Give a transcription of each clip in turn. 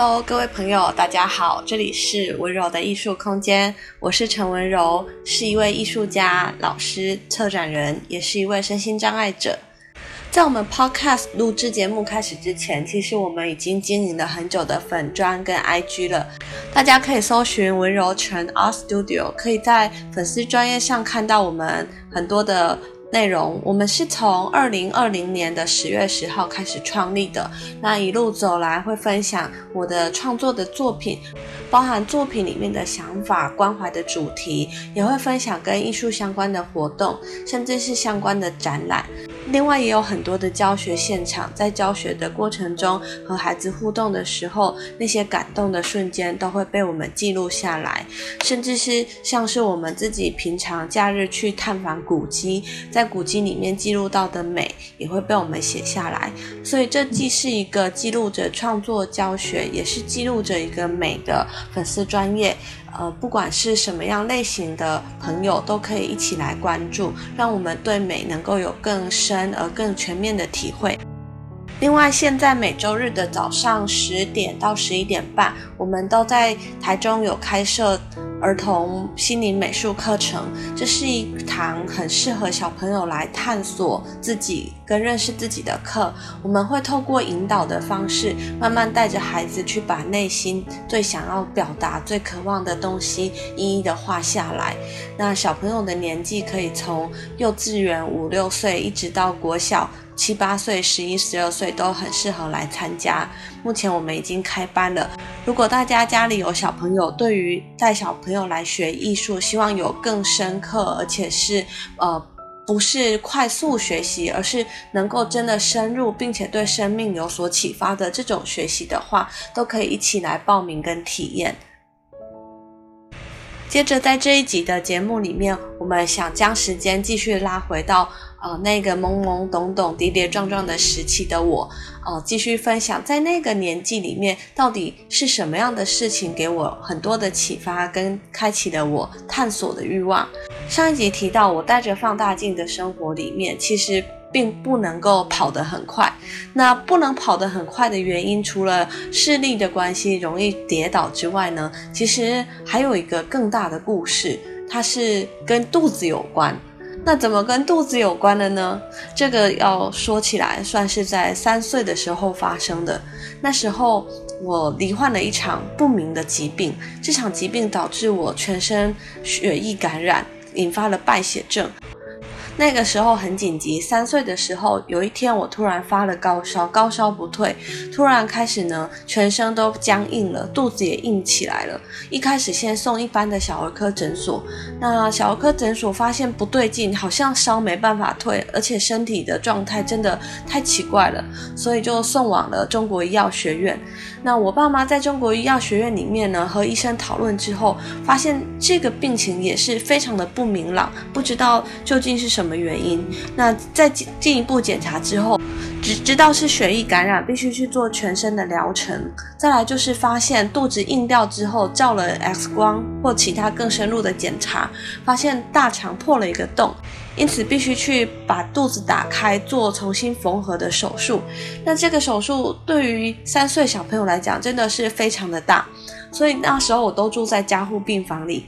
Hello，各位朋友，大家好，這裡是雯柔的藝術空間，我是陳雯柔，是一位藝術家、老師、策展人，也是一位身心障礙者。在我們 Podcast 錄製節目開始之前，其實我們已經經營了很久的粉專跟 IG 了，大家可以搜尋“雯柔陳 Art Studio”，可以在粉絲專頁上看到我們很多的內容，我們是從二零二零年的十月十號開始創立的。那一路走來，會分享我的創作的作品，包含作品裡面的想法、關懷的主題，也會分享跟藝術相關的活動，甚至是相關的展覽。另外也有很多的教學現場，在教學的過程中和孩子互動的時候，那些感動的瞬間都會被我們記錄下來，甚至是像是我們自己平常假日去探訪古蹟，在古蹟裡面記錄到的美，也會被我們寫下來。所以這既是一個記錄着創作教學，也是記錄着一個美的粉絲專頁。呃，不管是什麼樣類型的朋友，都可以一起來關注，讓我們對美能夠有更深。而更全面的體會。另外，現在每週日的早上十點到十一點半，我們都在台中有開設兒童心靈美術課程。這是一堂很適合小朋友來探索自己跟認識自己的課。我們會透過引導的方式，慢慢帶着孩子去把內心最想要表達、最渴望的東西一一的畫下來。那小朋友的年紀可以從幼稚園五六歲，一直到國小。七八歲、十一、十二歲都很適合來參加。目前我們已經開班了。如果大家家裡有小朋友，對於帶小朋友來學藝術，希望有更深刻，而且是呃不是快速學習，而是能夠真的深入，並且對生命有所啟發的這種學習的話，都可以一起來報名跟體驗。接着，在這一集的節目裡面，我們想將時間繼續拉回到呃那個懵懵懂懂、跌跌撞撞的時期的我，呃，繼續分享在那個年紀裡面到底是什麼樣的事情給我很多的啟發跟開啟了我探索的欲望。上一集提到我帶着放大鏡的生活裡面，其實。並不能夠跑得很快。那不能跑得很快的原因，除了視力的關係容易跌倒之外呢，其實還有一個更大的故事，它是跟肚子有關。那怎麼跟肚子有關的呢？這個要說起來算是在三歲的時候發生的。那時候我罹患了一場不明的疾病，這場疾病導致我全身血液感染，引發了敗血症。那個時候很緊急。三歲的時候，有一天我突然發了高燒，高燒不退，突然開始呢，全身都僵硬了，肚子也硬起來了。一開始先送一般的小兒科診所，那小兒科診所發現不對勁，好像燒沒辦法退，而且身體的狀態真的太奇怪了，所以就送往了中國醫藥學院。那我爸媽在中國醫藥學院裡面呢，和醫生討論之後，發現這個病情也是非常的不明朗，不知道究竟是什麼。什麼原因？那再進一步檢查之後，只知道是血液感染，必須去做全身的療程。再來就是發現肚子硬掉之後，照了 X 光或其他更深入的檢查，發現大腸破了一個洞，因此必須去把肚子打開做重新縫合的手術。那這個手術對於三歲小朋友來講真的是非常的大，所以那時候我都住在加護病房裡。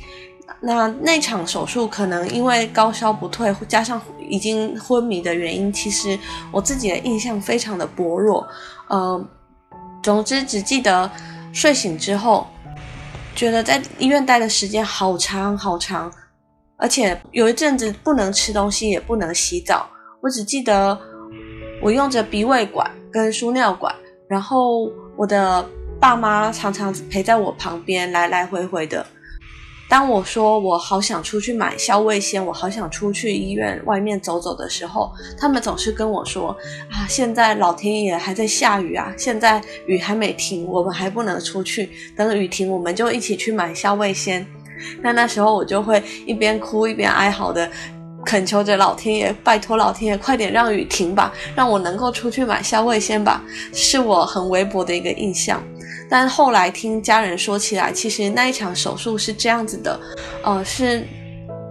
那那場手術可能因為高燒不退，加上已經昏迷的原因，其實我自己的印象非常的薄弱。呃，總之只記得睡醒之後，覺得在醫院待的時間好長好長，而且有一陣子不能吃東西，也不能洗澡。我只記得我用着鼻胃管跟輸尿管，然後我的爸媽常常陪在我旁邊，來來回回的。當我說我好想出去買消味仙，我好想出去醫院外面走走的時候，他們總是跟我說啊，現在老天爺還在下雨啊，現在雨還沒停，我們還不能出去，等雨停我們就一起去買消味仙。那那時候我就會一邊哭一邊哀嚎的，懇求着老天爺，拜托老天爺快點讓雨停吧，讓我能夠出去買消味仙吧，是我很微薄的一個印象。但後來聽家人說起來，其實那一場手術是這樣子的，呃，是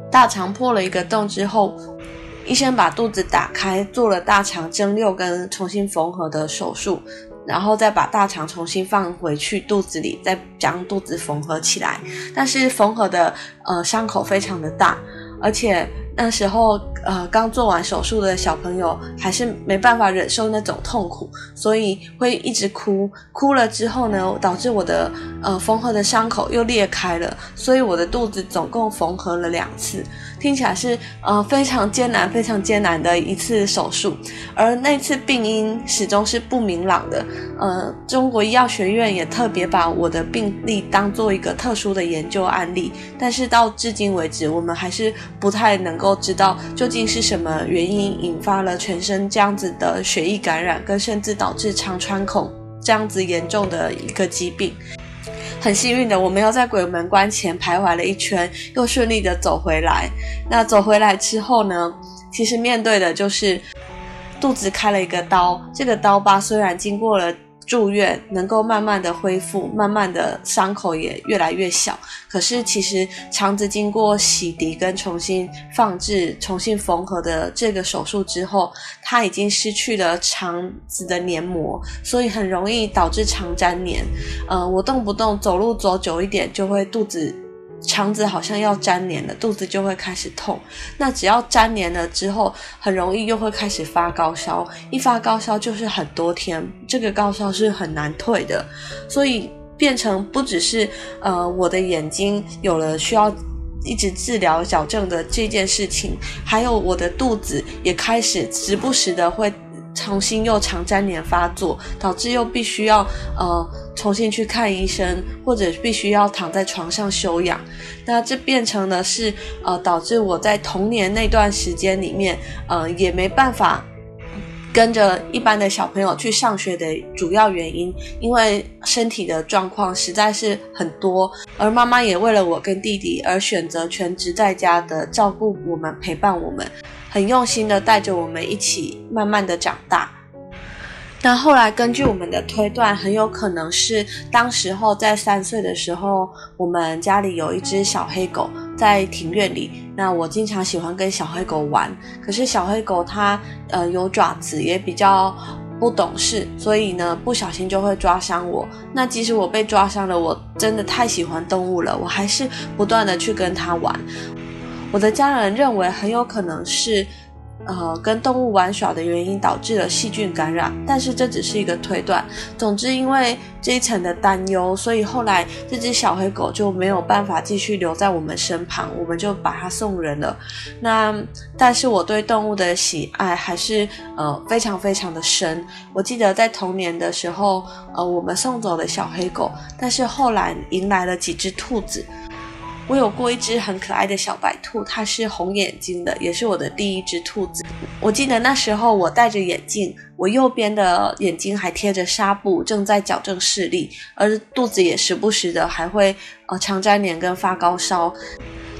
大腸破了一個洞之後，醫生把肚子打開，做了大腸增六，跟重新縫合的手術，然後再把大腸重新放回去肚子裡，再將肚子縫合起來。但是縫合的呃傷口非常的大，而且。那時候，呃，剛做完手術的小朋友還是沒辦法忍受那種痛苦，所以會一直哭。哭了之後呢，導致我的呃縫合的傷口又裂開了，所以我的肚子總共縫合了兩次。聽起來是呃非常艱難、非常艱難的一次手術，而那次病因始終是不明朗的。呃，中國醫藥學院也特別把我的病例當做一個特殊的研究案例，但是到至今為止，我們還是不太能夠知道究竟是什麼原因引發了全身這樣子的血液感染，跟甚至導致腸穿孔這樣子嚴重的一個疾病。很幸運的，我們又在鬼門關前徘徊了一圈，又順利的走回來。那走回來之後呢？其實面對的就是肚子開了一個刀，這個刀疤雖然經過了，住院能夠慢慢的恢復，慢慢的傷口也越來越小。可是其實腸子經過洗滌跟重新放置、重新縫合的這個手術之後，它已經失去了腸子的黏膜，所以很容易導致腸沾黏。嗯、呃，我動不動走路走久一點就會肚子。腸子好像要粘連了，肚子就會開始痛。那只要粘連了之後，很容易又會開始發高燒。一發高燒就是很多天，這個高燒是很難退的。所以變成不只是，呃，我的眼睛有了需要一直治療矯正的這件事情，還有我的肚子也開始時不時的會。重新又常粘連發作，導致又必須要呃重新去看醫生，或者必須要躺在床上休養。那這變成呢是呃導致我在童年那段時間裡面，呃也沒辦法跟着一般的小朋友去上學的主要原因，因為身體的狀況實在是很多，而媽媽也為了我跟弟弟而選擇全職在家的照顧我們，陪伴我們。很用心的帶着我們一起慢慢的長大。那後來根據我們的推斷，很有可能是當時候在三歲的時候，我們家裡有一隻小黑狗在庭院裡。那我經常喜歡跟小黑狗玩，可是小黑狗它呃有爪子，也比較不懂事，所以呢不小心就會抓傷我。那即使我被抓傷了，我真的太喜歡動物了，我還是不斷的去跟它玩。我的家人認為很有可能是，呃，跟動物玩耍的原因導致了細菌感染，但是這只是一個推斷。總之，因為這一層的擔憂，所以後來這只小黑狗就沒有辦法繼續留在我們身旁，我們就把它送人了。那但是我對動物的喜愛還是，呃，非常非常的深。我記得在童年的時候，呃，我們送走了小黑狗，但是後來迎來了幾只兔子。我有過一隻很可愛的小白兔，它是紅眼睛的，也是我的第一隻兔子。我記得那時候我戴着眼鏡，我右邊的眼睛還貼着紗布，正在矯正視力，而肚子也時不時的還會呃、腸粘連跟發高燒。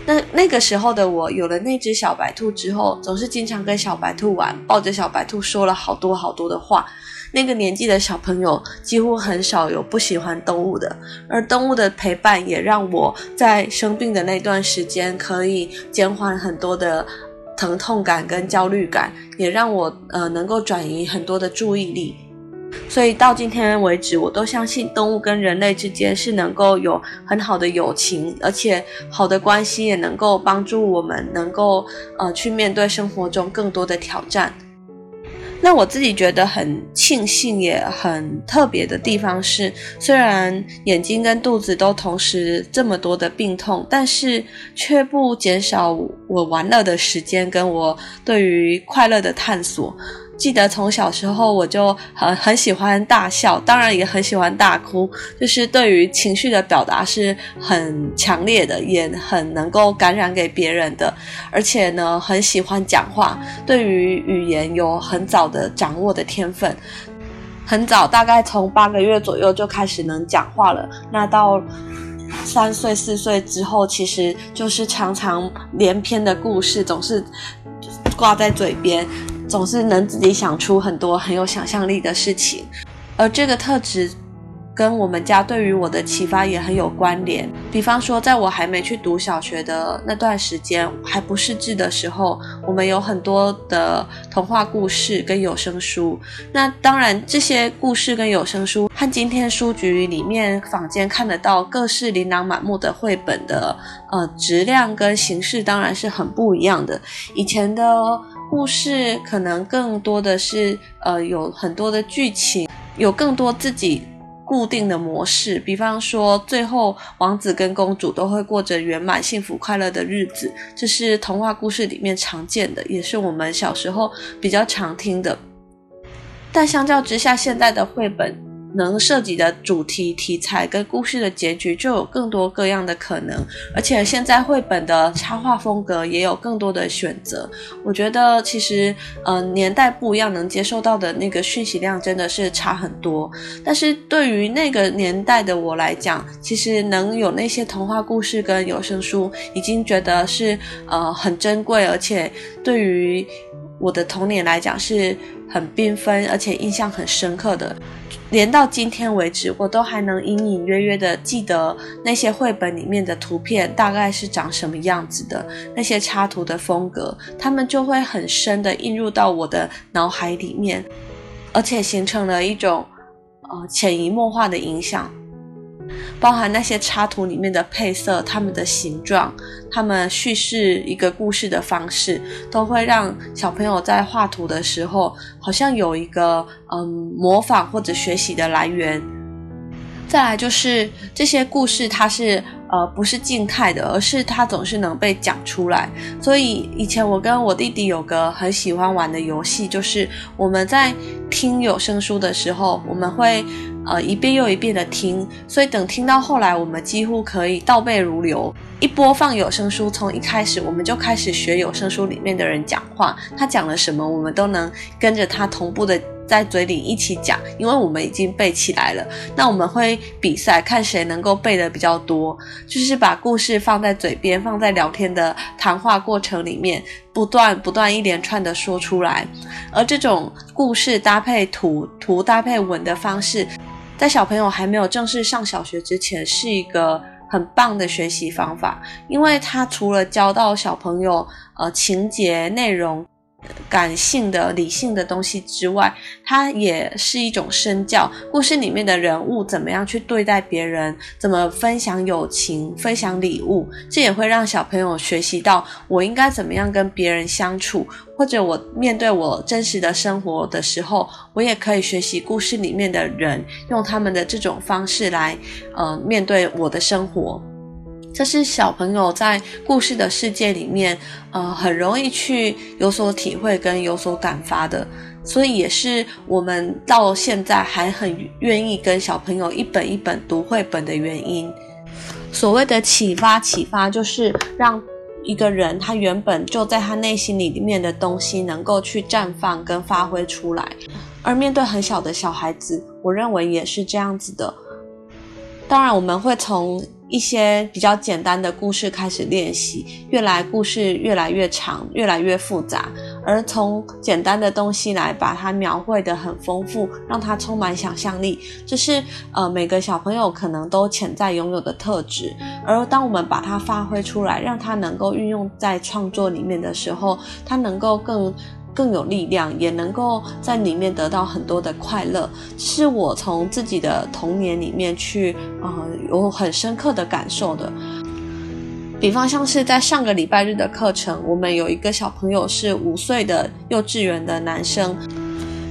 那那個時候的我有了那隻小白兔之後，總是經常跟小白兔玩，抱着小白兔說了好多好多的話。那個年紀的小朋友幾乎很少有不喜歡動物的，而動物的陪伴也讓我在生病的那段時間可以減緩很多的疼痛感跟焦慮感，也讓我呃能夠轉移很多的注意力。所以到今天為止，我都相信動物跟人類之間是能夠有很好的友情，而且好的關係也能夠幫助我們能夠呃去面對生活中更多的挑戰。那我自己覺得很慶幸，也很特別的地方是，雖然眼睛跟肚子都同時這麼多的病痛，但是卻不減少我玩樂的時間，跟我對於快樂的探索。記得從小時候我就很很喜歡大笑，當然也很喜歡大哭，就是對於情緒的表達是很強烈的，也很能夠感染給別人的。而且呢，很喜歡講話，對於語言有很早的掌握的天分。很早，大概從八個月左右就開始能講話了。那到三歲四歲之後，其實就是常常連篇的故事總是掛在嘴邊。總是能自己想出很多很有想象力的事情，而這個特質，跟我們家對於我的啟發也很有關聯。比方說，在我還沒去讀小學的那段時間，還不識字的時候，我們有很多的童話故事跟有聲書。那當然，這些故事跟有聲書和今天書局裡面坊間看得到各式琳琅滿目的繪本的呃質量跟形式當然是很不一樣的。以前的。故事可能更多的是，呃，有很多的劇情，有更多自己固定的模式。比方說，最後王子跟公主都會過着圓滿、幸福、快樂的日子，這是童話故事裡面常見的，也是我們小時候比較常聽的。但相較之下，現在的繪本。能涉及的主題、題材跟故事的結局就有更多各樣的可能，而且現在繪本的插畫風格也有更多的選擇。我覺得其實，呃，年代不一樣，能接受到的那個訊息量真的是差很多。但是對於那個年代的我來講，其實能有那些童話故事跟有聲書，已經覺得是呃很珍貴，而且對於。我的童年來講是很繽紛，而且印象很深刻的。連到今天為止，我都還能隱隱約約的記得那些繪本裡面的圖片大概是長什麼樣子的，那些插圖的風格，他們就會很深的映入到我的腦海裡面，而且形成了一種呃潛移默化的影響。包含那些插圖裡面的配色、它們的形狀、它們敘事一個故事的方式，都會讓小朋友在畫圖的時候，好像有一個，嗯，模仿或者學習的來源。再來就是這些故事，它是呃不是靜態的，而是它總是能被講出來。所以以前我跟我弟弟有個很喜歡玩的遊戲，就是我們在聽有聲書的時候，我們會呃一遍又一遍的聽，所以等聽到後來，我們幾乎可以倒背如流。一播放有聲書，從一開始我們就開始學有聲書裡面的人講話，他講了什麼，我們都能跟着他同步的，在嘴裡一起講，因為我們已經背起來了。那我們會比賽，看誰能夠背的比較多，就是把故事放在嘴邊，放在聊天的談話過程裡面，不斷不斷一連串的說出來。而這種故事搭配圖圖搭配文的方式，在小朋友還沒有正式上小學之前，是一個很棒的學習方法，因為它除了教到小朋友呃情節內容。感性的、理性的東西之外，它也是一種身教。故事裡面的人物怎麼樣去對待別人，怎麼分享友情、分享禮物，這也會讓小朋友學習到我應該怎麼樣跟別人相處，或者我面對我真實的生活的時候，我也可以學習故事裡面的人用他們的這種方式來，呃，面對我的生活。這是小朋友在故事的世界裡面，呃，很容易去有所體會跟有所感發的，所以也是我們到現在還很願意跟小朋友一本一本讀繪本的原因。所謂的啟發，啟發就是讓一個人他原本就在他內心裡面的東西能夠去綻放跟發揮出來。而面對很小的小孩子，我認為也是這樣子的。當然，我們會從一些比較簡單的故事開始練習，越來故事越來越長，越來越複雜，而從簡單的東西來把它描繪得很豐富，讓它充滿想象力，這、就是呃每個小朋友可能都潛在擁有的特質。而當我們把它發揮出來，讓它能夠運用在創作裡面的時候，它能夠更。更有力量，也能夠在裡面得到很多的快樂，是我從自己的童年裡面去，呃、嗯，有很深刻的感受的。比方像是在上個禮拜日的課程，我們有一個小朋友是五歲的幼稚園的男生，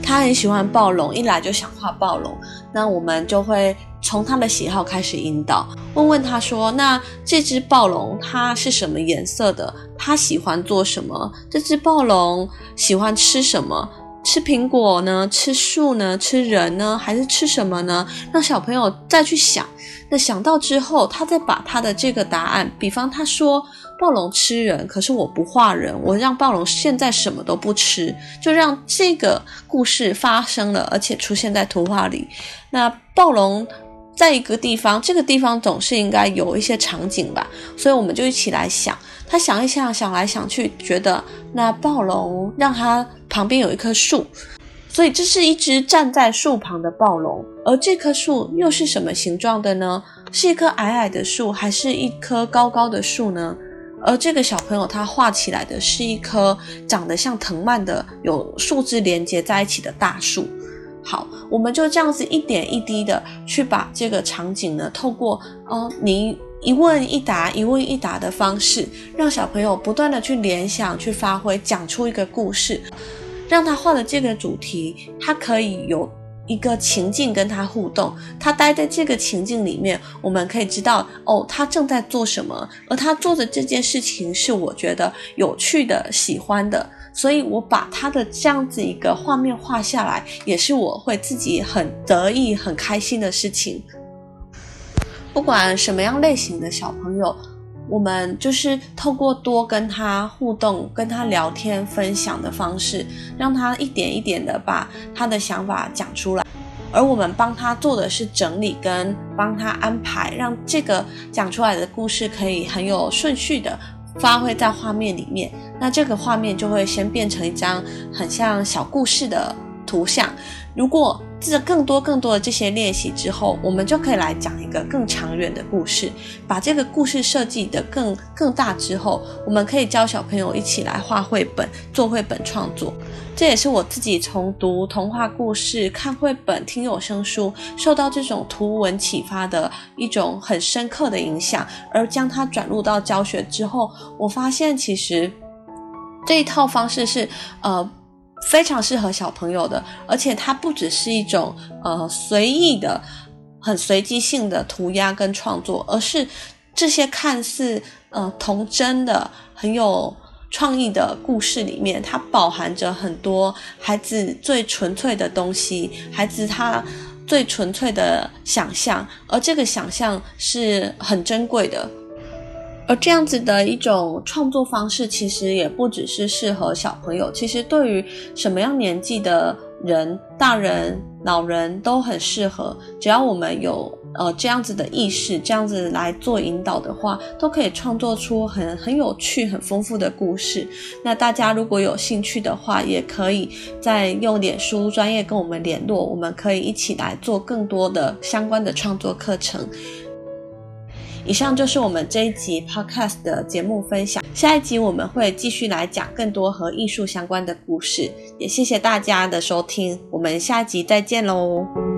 他很喜歡暴龍，一來就想畫暴龍，那我們就會。從他的喜好開始引導，問問他說：“那這隻暴龍它是什麼顏色的？它喜歡做什麼？這隻暴龍喜歡吃什麼？吃蘋果呢？吃樹呢？吃人呢？還是吃什麼呢？”讓小朋友再去想。那想到之後，他再把他的這個答案，比方他說暴龍吃人，可是我不畫人，我讓暴龍現在什麼都不吃，就讓這個故事發生了，而且出現在圖畫裡。那暴龍，在一個地方，這個地方總是應該有一些場景吧，所以我們就一起來想。他想一想，想來想去，覺得那暴龍讓它旁邊有一棵樹，所以這是一隻站在樹旁的暴龍。而這棵樹又是什麼形狀的呢？是一棵矮矮的樹，還是一棵高高的樹呢？而這個小朋友他畫起來的是一棵長得像藤蔓的，有樹枝連接在一起的大樹。好，我們就這樣子一點一滴的去把這個場景呢，透過哦，你一問一答，一問一答的方式，讓小朋友不斷的去聯想、去發揮，講出一個故事，讓他畫的這個主題，他可以有一個情境跟他互動，他待在這個情境裡面，我們可以知道哦，他正在做什麼，而他做的這件事情是我覺得有趣的、喜歡的。所以，我把他的這樣子一個畫面畫下來，也是我會自己很得意、很開心的事情。不管什麼樣類型的小朋友，我們就是透過多跟他互動、跟他聊天、分享的方式，讓他一點一點的把他的想法講出來，而我們幫他做的是整理跟幫他安排，讓這個講出來的故事可以很有順序的。發揮在畫面裡面，那這個畫面就會先變成一張很像小故事的圖像。如果這更多更多的這些練習之後，我們就可以來講一個更長遠的故事，把這個故事設計得更更大之後，我們可以教小朋友一起來畫繪本、做繪本創作。這也是我自己從讀童話故事、看繪本、聽有聲書，受到這種圖文啟發的一種很深刻的影響，而將它轉入到教學之後，我發現其實這一套方式是呃。非常適合小朋友的，而且它不只是一種呃隨意的、很隨機性的塗鴉跟創作，而是這些看似呃童真的、很有創意的故事裡面，它飽含着很多孩子最純粹的東西，孩子他最純粹的想象，而這個想象是很珍貴的。而這樣子的一種創作方式，其實也不只是適合小朋友，其實對於什麼樣年紀的人，大人、老人都很適合。只要我們有呃這樣子的意識，這樣子來做引導的話，都可以創作出很很有趣、很豐富的故事。那大家如果有興趣的話，也可以再用臉書專頁跟我們聯絡，我們可以一起來做更多的相關的創作課程。以上就是我們這一集 podcast 的節目分享。下一集我們會繼續來講更多和藝術相關的故事，也謝謝大家的收聽，我們下一集再見嘍。